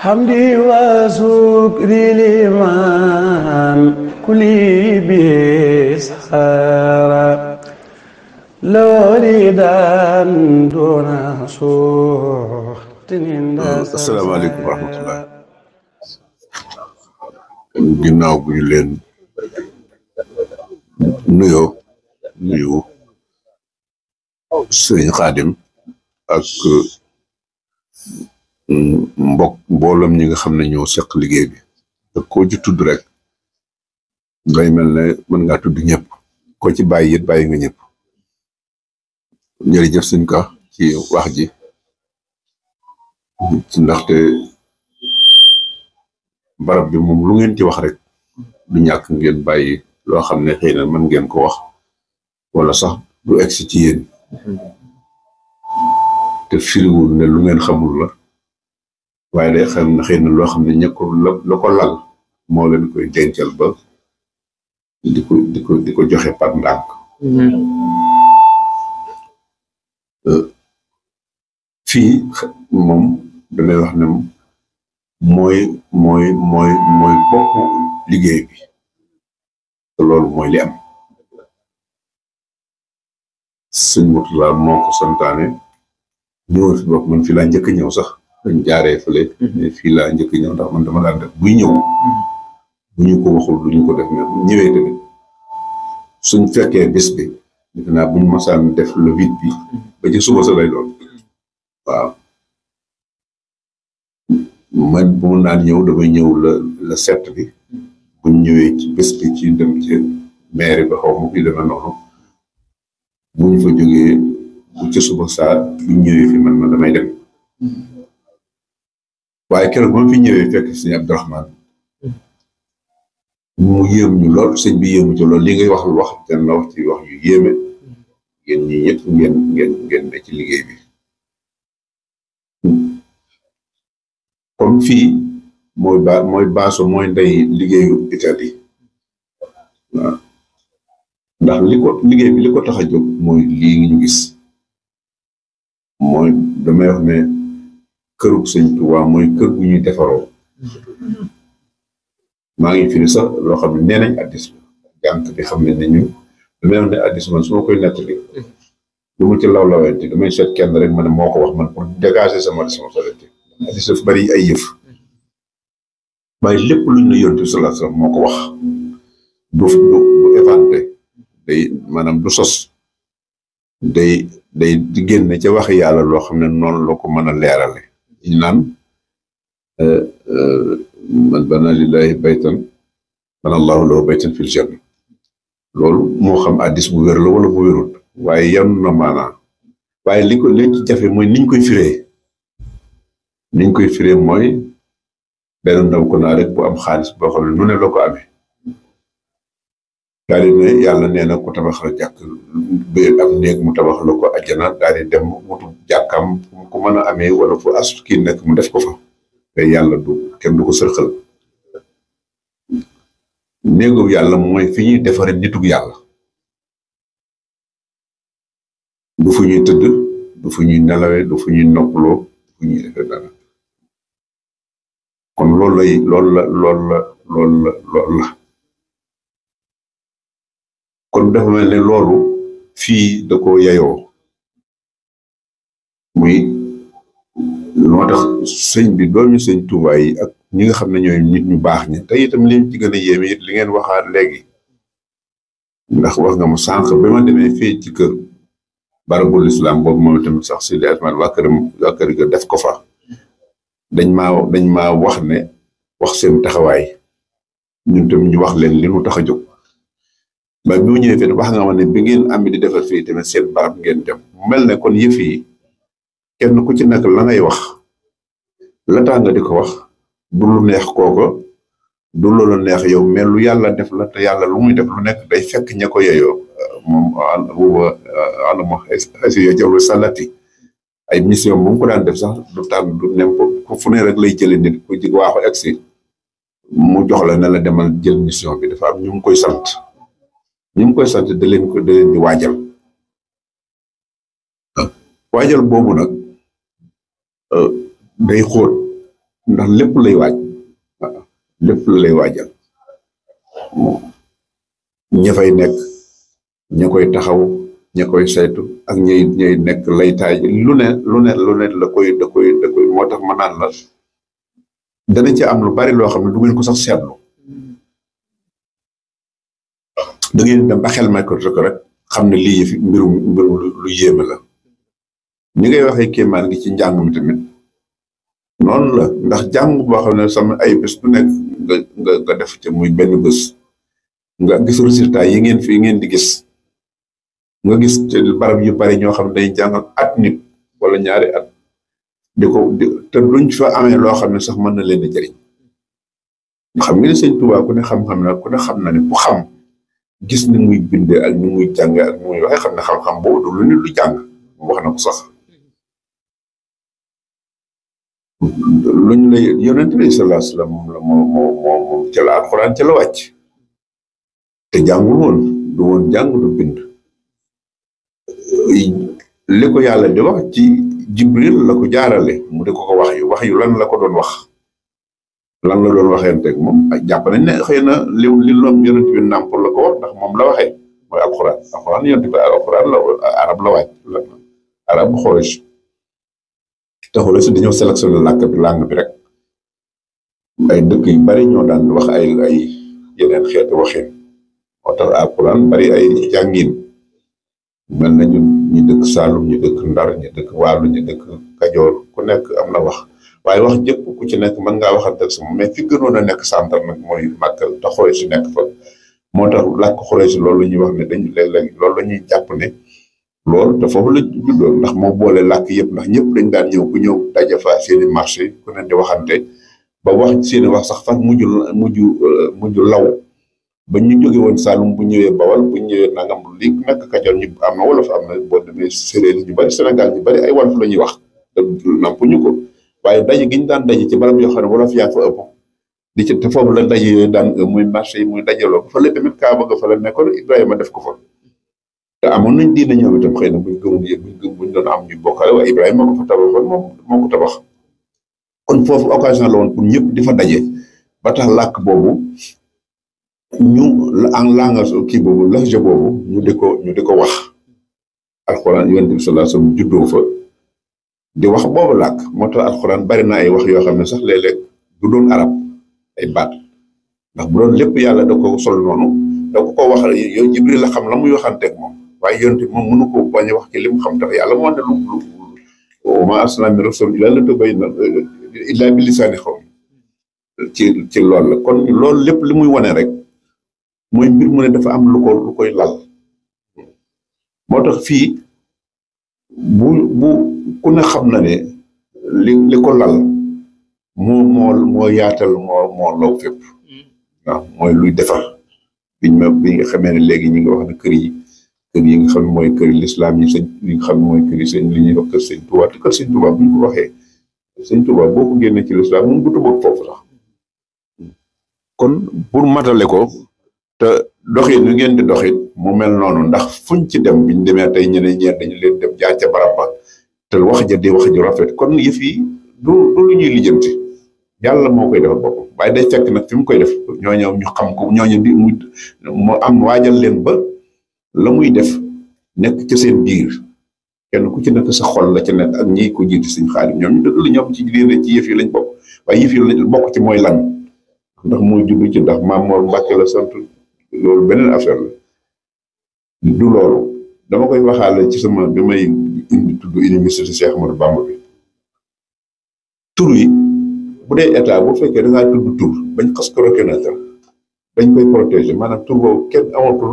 حمدي وسكري لمن كلي بسهر لو ريدا دون سخط السلام عليكم ورحمة الله ginnaaw bu ñu leen nuyoo nuyu sëriñ Xaadim ak mbokk mbooloom ñi nga xam ne ñoo seq liggéey bi te koo ci tudd rek ngay mel ne mën ngaa tudd ñëpp koo ci bàyyi it bàyyi nga ñëpp jërëjëf suñ ka ci wax ji ci ndaxte barab bi moom lu ngeen ci wax rek du ñàkk ngeen bàyyi loo xam ne xëy mën ngeen ko wax wala sax du egsi ci yéen mm-hmm. te firiwul ne lu ngeen xamul la waaye day xam ne na loo xam ne ña ko la ko lal moo leen koy dencal ba di ko di ko di ko joxe par ndànk mm-hmm. euh, fii moom damay wax ne mooy mooy mooy mooy bopp liggéey bi te loolu mooy li am sëñ santaane ñëwal fi bopp man fi laa njëkk ñëw sax dañ jaaree fële. Mhm. fii laa njëkk ñëw ndax man dama daan def buy ñëw. bu ñu ko waxul du def mais bu ñëwee tamit suñ fekkee bés bi defe naa bu ñu masaan def le huit ñëw damay ñëw la la sept bi bu ñu ci bés bi ci dem ci mairie ba xaw suba saa bu ñëwee fi man damay dem. Mhm. waaye keroog ba fi ñëwee fekk sëñ Abdourahman mu yéem ñu lool sëñ bi yéemu ci lool li ngay wax lu wax ten la wax ci wax yu yéeme ngeen ngeen ngeen ne ci liggéey bi comme fii mooy baaso mooy ndax li ko liggéey bi li ko tax a jóg mooy lii ñu gis mooy damay wax ne kërug sëñ Tuubaa mooy kër gu ñuy defaroo maa ngi firi sax loo xam ne nee nañ addis gànt bi xam ne ne ñu lu mel ne addis man su koy nettali lu mu ci law lawente damay kenn rek ma ne moo wax man pour dégager sama responsabilité ay yëf waaye lépp luñ la yonent bi sallallahu moo ko wax du du du éventé day maanaam du sos day day génne ca waxi yàlla loo xam ne noonu loo ko mën a leerale naan e, e, man bana lillahi baytan bana allahu lahu baytan fil janna loolu moo xam addis bu wér la wala bu wérul waaye yan na maanaa waaye li ko leen ci jafe mooy niñ koy firee niñ koy firee mooy benn ndaw ko naa rek bu am xaalis boo xam ne nu ne daal di ne yàlla nee na ku tabax la jàkk ba am néeg mu tabax la ko ajjana daal di dem wutu jàkkam ku a a amee wala fu as kii nekk mu def ko fa te yàlla du kenn du ko sërxal néegu yàlla mooy fi ñuy defaree nitug yàlla du fu ñuy tëdd du fu ñuy nelawee du fu ñuy noppaloo du kon loolu lay loolu la loolu la loolu la loolu kon dafa mel ne loolu fii da ko muy moo tax sëñ bi doomi sëñ Tuubaa yi ak ñi nga xam ne ñooy nit ñu baax ñi te itam liñ ci gën a yéeme li ngeen waxaat léegi ndax wax nga ma sànq bi ma demee fii ci kër barabul islam boobu moom itam sax si liasman waa këram waa def ko fa dañ ma dañ maa wax ne wax seen taxawaay ñun tam ñu wax leen li mu tax a jóg ba bi mu ñëwee fii wax nga ma ne bi ngeen am di defar fii tamit seen barab ngeen dem mel ne kon yëf yi kenn ku ci nekk la ngay wax la tax nga di ko wax du lu neex kooko du loolu neex yow mais lu yàlla def la te yàlla lu muy def lu nekk day fekk ña ko yeyoo moom booba anam asiyo jawlu salati ay mission bu ko daan def sax du tànn du nem ko fu ne rek lay jëli nit ku jig waaxu egsi mu jox la ne la demal jël mission bi dafa am ñu ngi koy sant ñu ngi koy sant da leen ko da leen di waajal ah, waajal boobu nag ah, day xóot ndax lépp lay waaj ah, lépp lay waajal ña fay nekk ña koy taxaw ña koy saytu ak ñay ñay nekk laytaay lu ne lu ne lu ne la koy da koy da koy moo tax ma dana ci am lu bari loo xam ne du ngeen ko sax seetlu da ngeen dem ba xel may ko rek rek xam ne lii mbirum mbirum lu yéeme la ni ngay waxee kéemaan gi ci njàng mi tamit noonu la ndax jàng boo xam ne sama ay bés bu nekk nga nga nga def ci muy benn bés nga gis résultat yi ngeen fi ngeen di gis nga gis ci barab yu bari ñoo xam ne day jàng at nit wala ñaari at di ko te duñ fa amee loo xam ne sax mën na leen a jëriñ xam nga ne sëñ Tuubaa ku ne xam-xam na ku ne xam na ne ku xam gis ni muy bindee ak muy jàngee ak ni muy waxee xam ne xam-xam boobu du lu nit lu jàng wax na ko sax luñ lay yonent bi la moo moo moo moom ca la alxuraan ca la te jàngul woon du woon jàng bind li ko yàlla di wax ci jibril la mu di ko wax yu wax yu lan la ko doon wax lan la doon waxe ak mom japp nañ ne xeyna li li lom yonent bi namp la ko ndax mom la waxe moy alquran alquran yonent bi alquran la arab la waaj arab ta taxul su dañu sélectionné langue bi langue bi rek ay dëkk yu bari ñoo daan wax ay ay yeneen xeetu waxe moo alquran bari ay jangin mel na ñu ñu dëkk salum ñu dëkk ndar ñu dëkk walu ñu dëkk kajoor ku nekk am na wax waaye wax jëpp ku ci nekk mën ngaa waxante ak sama mais fi gënoon a nekk centre nag mooy màggal te xoolee si nekk fa moo tax làkk xoolee si loolu la ñuy wax ne dañu léeg loolu la ñuy jàpp ne foofu la ndax moo boole làkk yëpp ndax ñëpp dañ daan ñëw ku ñëw daje seeni marché ku ne di waxante ba wax seeni wax sax far mujj mujj mujj law ba ñu jóge woon Saalum bu ñëwee Bawal bu ñëwee nangam li nekk Kajoor ñu am na wolof am na boo demee séeréer ñu bari Sénégal ñu bari ay wolof la ñuy wax te nampuñu ko. waaye daje gi ñu daan daje ci barab yoo xam ne wolof yaa fa ëpp di ci te foofu la daje yooyu daan muy marché yi muy dajaloo fa la tamit Kaaba fala fa la nekkoon def ko fa te amoon nañ diine ñoom itam xëy na buñ gëmul yëg buñ gëm buñ doon am ñu bokkale waaye Ibrahima ko fa tabaxoon moom moo tabax kon foofu occasion la woon pour ñëpp di fa daje bata tax boobu ñu en langage kii boobu lahja boobu ñu di ko di ko wax alxuraan yonent bi sallallahu alayhi wasallam fa di wax boobu làkk moo tax alxuraan bari na ay wax yoo xam ne sax léeg-léeg du doon arab ay baat ndax bu doon lépp yàlla da ko sol noonu da ko ko wax yow jibril la xam la muy waxanteeg moom waaye yonte moom mënu ko bañ a wax ci li xam tax yàlla moo ne lu lu ma arsalnaa min rasul illaa litubayyina illaa bi lisaani xawmi ci ci loolu la kon loolu lépp li muy wane rek mooy mbir mu dafa am lu ko lu lal moo tax bu bu ku ne xam na ne li li ko lal moo moo moo yaatal moo moo hmm. mooy luy defar biñ ma bi nga xamee ne léegi ñi nga wax ne kër yi yi nga xam ne mooy kër lislaam yi sëñ yi nga xam ne mooy kër li ñuy wax kër sëñ Tuubaa te bu ñu ko waxee sëñ Tuubaa boo ko ci lislaam moom du tubag foofu sax hmm. kon pour matale ko te doxit nu ngeen di doxit mu mel noonu ndax fuñ ci dem biñ demee tey ñeneen ñeent dañu leen dem jaar ca ba te wax ja di wax ju rafet kon yëf yi du du lu ñuy lijjanti yàlla moo koy defal boppam waaye day nag fi mu koy def ñooñu ñu xam ko ñooñu di mu am waajal leen ba la muy def nekk ci seen biir kenn ku ci nekk sa xol la ci ak ñi ko jiitu si xaalis ñoom ñu dëgg la ñoom ci diine ci yëf yi lañ bokk waaye yëf yi lañ bokk ci mooy lan ndax moo juddu ci ndax Maam Mor Mbàkke la sant. loolu beneen affaire la du loolu dama koy waxaale ci sama bi may indi tudd université Cheikh Ahmadou tur yi bu dee état bu fekkee da ngaa tudd tur bañ xas ko reconnaître dañ koy protéger maanaam tur boobu kenn amatul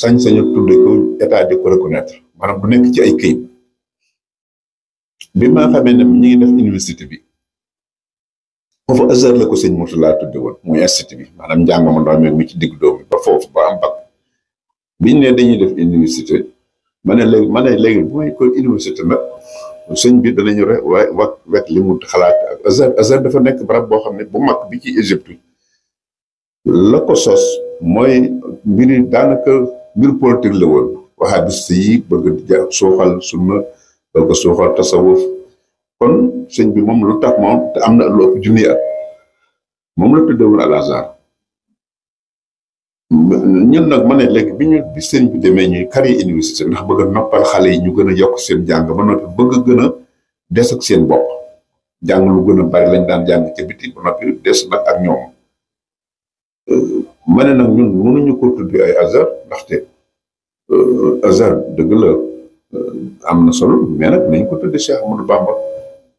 sañ-sañ a tudde ko état di ko reconnaître maanaam nekk ci ay këyit bi maa xamee ne mi ñu ngi def université bi. foofu Azhar la ko sëñ Mourtala tudde woon muy institut bi maanaam njàng ma ndox mi ci digg doom ba foofu ba a bac biñ ne dañuy def université ma ne léegi ma ne léegi bu may ko université nag sëñ bi danañu rek waaye wax wet li xalaat ak Azhar Azhar dafa nekk barab boo xam ne bu mag bi ci Égypte la ko sos mooy mbiri daanaka mbir politique la woon wahabiste yi bëgg suuxal sunna bëgg suuxal tasawuf kon sëñ bi moom lu tax moom te am na lu ëpp junni at moom la tuddewoon al azhar ñun nag ma ne léegi bi ñu bi sëñ bi demee ñuy kari université ndax bëgg a noppal xale yi ñu gën a yokk seen jàng ba noppi bëgg gën a des ak seen bopp jàng lu gën a bari lañ daan jàng ca biti ba noppi des nag ak ñoom ma ne nag ñun mënuñu ko tuddee ay azhar ndaxte azhar dëgg la am na solo mais nag nañ ko tuddee Cheikh Amadou Bamba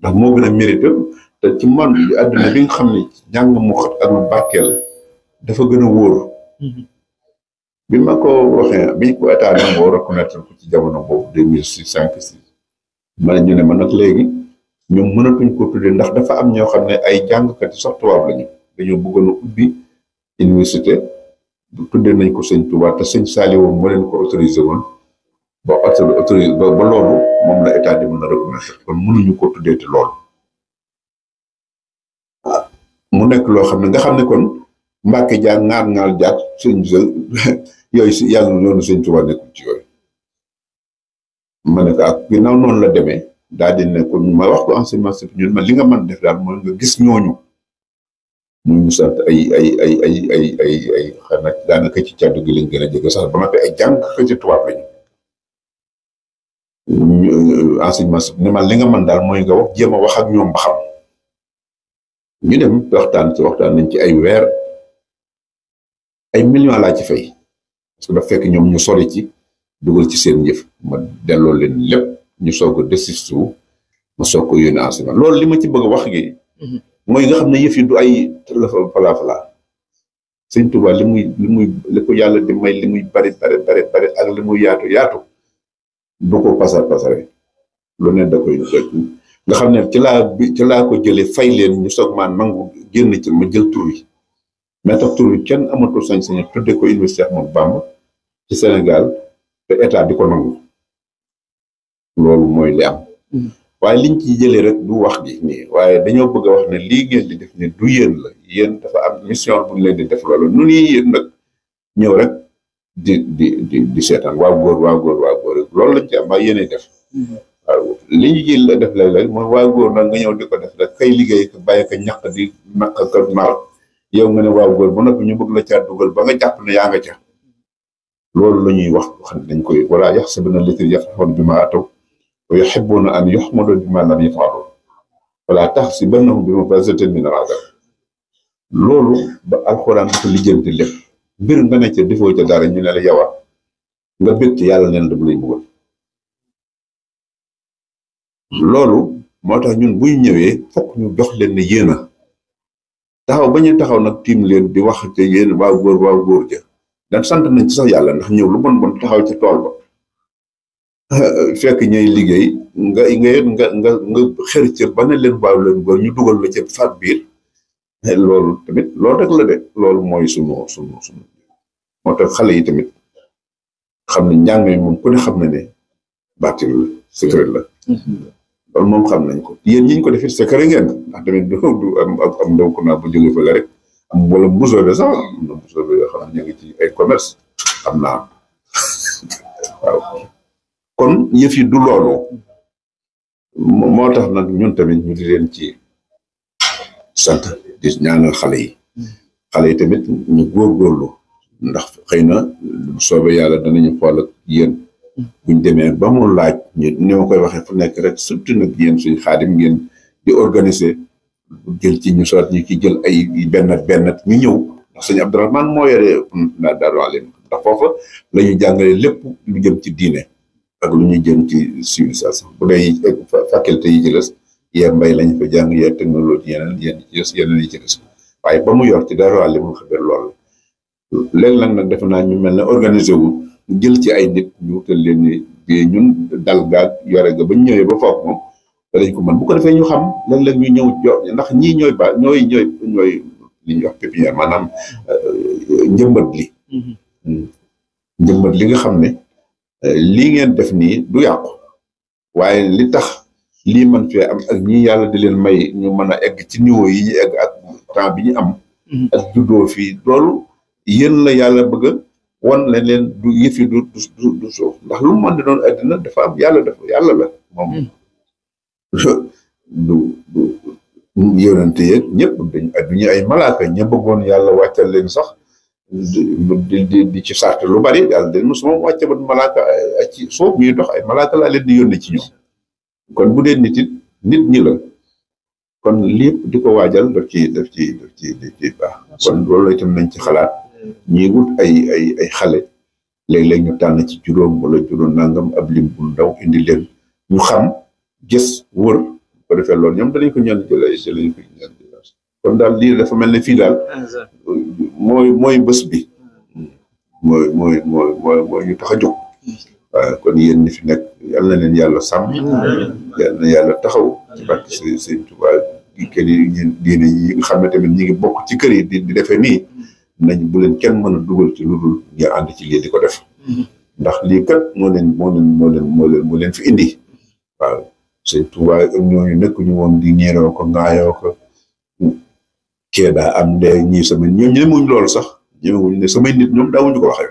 ndax moo gën a mérite te ci man bi àdduna bi nga xam ne jàng mu xat ak dafa gën a wóor mhm. bi ma ko waxee biñ ko état nangoo reconnaître ko ci jamono boobu deux mille ñu ne ma nag léegi ñoom mënatuñ ko tuddee ndax dafa am ñoo xam ne ay jàngkat yi sax tubaab lañu dañoo bëggoon a ubbi université tuddee nañ ko sëñ Tuubaa te sëñ Saliou moo leen ko autorisé woon ba autorisé ba ba loolu moom la état di mën a reconnaître kon mënuñu ko tuddee te loolu ah, mu nekk loo xam ne nga xam ne kon Mbàkke jaar ŋaar ŋaar jaar sëñ yooyu si yàlla loolu sëñ Tuubaa nekkul ci yooyu ma ne ko ak ah, ginnaaw noonu la demee daal di ne kon ma wax ko enseignement supérieur man li nga man def daal mooy nga gis ñooñu muy ñu sant ay ay ay ay ay ay ay xanaa daanaka ci caddu gi lañ gën a jege sax ba noppi ay jàng ci tubaab lañu enseignement ne ma li nga man daal mooy nga wax jéem a wax ak ñoom ba xam ñu dem waxtaan ci waxtaan nañ ci ay weer ay millions laa ci fay parce que fekk ñoom ñu sori ci dugal ci seen njëf ma delloo leen lépp ñu soog a desistu ma soog ko yónnee enseignement loolu li ma ci bëgg a wax gi mhm. mooy nga xam ne yëf yi du ay falaa falaa sëñ Tuubaa li muy li muy li ko yàlla di may li muy bari bari bari ak li muy yaatu yaatu du ko pasar pasare lu ne da koy nga xam ne ci laa bi ci laa ko jëlee fay leen ñu soog maan nangu génn ci ma jël tur yi mais tax tur yi kenn amatul sañ-sañ tudde ko université Ahmadou Bamba ci Sénégal te état di ko nangu loolu mooy li am hmm. waaye liñ ci jëlee rek du wax gi nii waaye dañoo bëgg a wax ne lii ngeen di def ne du yéen la yéen dafa am mission buñ leen di def loolu nu nii yéen nag ñëw rek di di seetaan waa góor waa góor waa góor loolu lañ ci am ay yéene def waaw li ñu def léeg-léeg mooy waa góor nag nga ñëw di ko def rek kay liggéey ka bàyyi ka ñàkk di naq ka naal yow nga ne waa góor ba noppi ñu bëgg la caa dugal ba nga jàpp ne yaa nga ca loolu la ñuy wax dañ koy wala yaxsabuna llaziina yafrahuuna bimaa ataw wa yuhibbuuna an yuhmaduu bimaa lam yaf'aluu wala taxsibannahum bi mafazatin min al-'azaab loolu ba alxuraan dafa lijjanti lépp mbir nga ne ca defoo ca dara ñu ne la yawa ah, nga bëgg yàlla neen daf lay loolu moo tax ñun buñ ñëwee fokk ñu jox leen ne yéen a taxaw ba ñu taxaw nag tiim leen di wax te yéen waa góor waa góor ja dan sant nañ ci sax yàlla ndax ñëw lu bon bon taxaw ci tool ba fekk ñay liggéey nga nga nga nga xër ca ba ne leen waaw leen góor ñu dugal la ca faat biir loolu tamit loolu rek la de loolu mooy sunu sunu moo tax xale yi tamit xam ne njàng mi moom ku ne xam na ne baatil la secret la mm-hmm. loolu moom xam nañ ko yéen ñi ñu ko defit secret ngeen ndax tamit du du am am ndaw ku naa bu jóge fële rek am wala mbusoobe sax am na xam ne ñu ngi ci ay commerce xam naa kon yëf yi du loolu moo tax na ñun tamit ñu di leen ci sant di ñaanal xale yi xale yi tamit ñu góorgóorlu ndax xëy na bu soobee yàlla danañu xool ak yéen buñ demee ba mu laaj ñu ni ma koy waxee fu nekk rek surtout nag yéen suñ xaadim ngeen di organiser jël ci ñu sot ñu ci jël ay benn benn ñu ñëw ndax sëñ abdourahman moo yore na daru alim ndax foofa la ñu jàngale lépp lu jëm ci diine ak lu ñu jëm ci civilisation bu dee faculté yi ci les yee mbay lañ fa jàng yee technologie yeneen yenn ci des yeneen yi ci des waaye ba mu yor ci daru alim xabir loolu léeg-léeg nag defe naa ñu mel ne organiser wu jël ci ay nit ñu ñun dal gaag yore ga bañ ñëwee ba foofu moom dañ ko mën bu ko defee ñu xam lan la ñu ñëw jo ndax ñii ñooy ba ñooy ñooy ñooy li ñuy wax pépinière maanaam euh, njëmbat li mm-hmm. mm. li nga xam ne euh, lii ngeen def nii du yàqu waaye li tax lii man fee am ak ñi yàlla di leen may ñu mën a egg ci niveau yi ñu egg ak temps bi ñu am mm-hmm. ak juddoo fii loolu yéen la yàlla bëgg wan le leen du yëf du du suuf ndax lu mu mën di doon addina dafa am yàlla dafa yàlla la moom hmm. du du yonente yeeg ñëpp dañu adduñu ay malaaka ña bëggoon yàlla wàccal leen sax di di ci sart lu bari yàlla den mosuma wàcce ba malaaka ci suuf ñuy dox ay malaaka laa leen di yónnee ci ñoom kon bu dee nit it nit ñi la kon lépp di ko waajal daf ci def ci daf ci daf ci baax kon nañ ci xalaat ñiy ay ay ay xale léeg-léeg ñu tànn ci juróom wala juróom nangam ab lim bu ndaw indi leen ñu xam gës wër ko defee ko ñaan jëlay jëlañ ko ñaan kon daal lii dafa mel ne fii daal mooy mooy bi mooy mooy mooy mooy mooy ñu tax jóg kon yéen ñi fi nekk yal na leen yàlla sàmm taxaw ci barke sëñ Tuubaa yi kenn ngi bokk ci kër yi di defee nii nañ bu leen kenn mën a dugal ci lu dul ngeen ànd ci lii di ko def mhm. ndax lii kat moo leen moo leen moo leen moo leen fi indi waaw surtout waaye ñooñu nekkuñu woon di ñeeroo ko ngaayoo ko kee daa am de ñii sama ñoom ñemewuñ lool sax ñemewuñ ne samay nit ñoom daawuñu ko waxee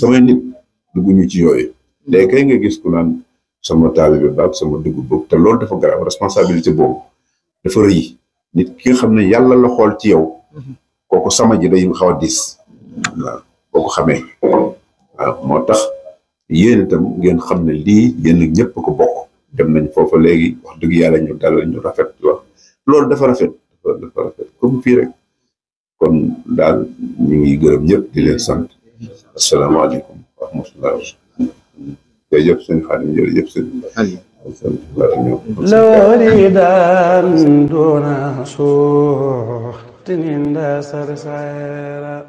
samay nit dugguñu ci yooyu léegi kay nga gis ku naan sama taalibe baag sama dugg boobu te loolu dafa garaaw responsabilité boobu dafa rëy nit ki nga xam ne yàlla la xool ci yow mhm. kooku sama ji day xaw a diis waaw boo ko xamee waaw moo tax yéen itam ngeen xam ne lii yéen ñëpp ko bokk dem nañ foofa léegi wax dëgg yàlla ñu dalal ñu rafet wax loolu dafa rafet dafa comme fii rek kon daal ñu ngi gërëm ñëpp di leen sant asalaamaaleykum wa rahmatulah jërëjëf sëñ Xaadim jërëjëf sëñ loori daan doona suux وقت عند سرسير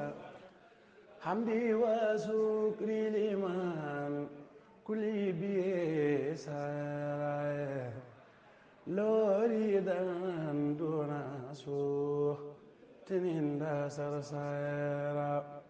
حمدي وسكري لمن كل بيسير لوريدا دون سوء عند سرسير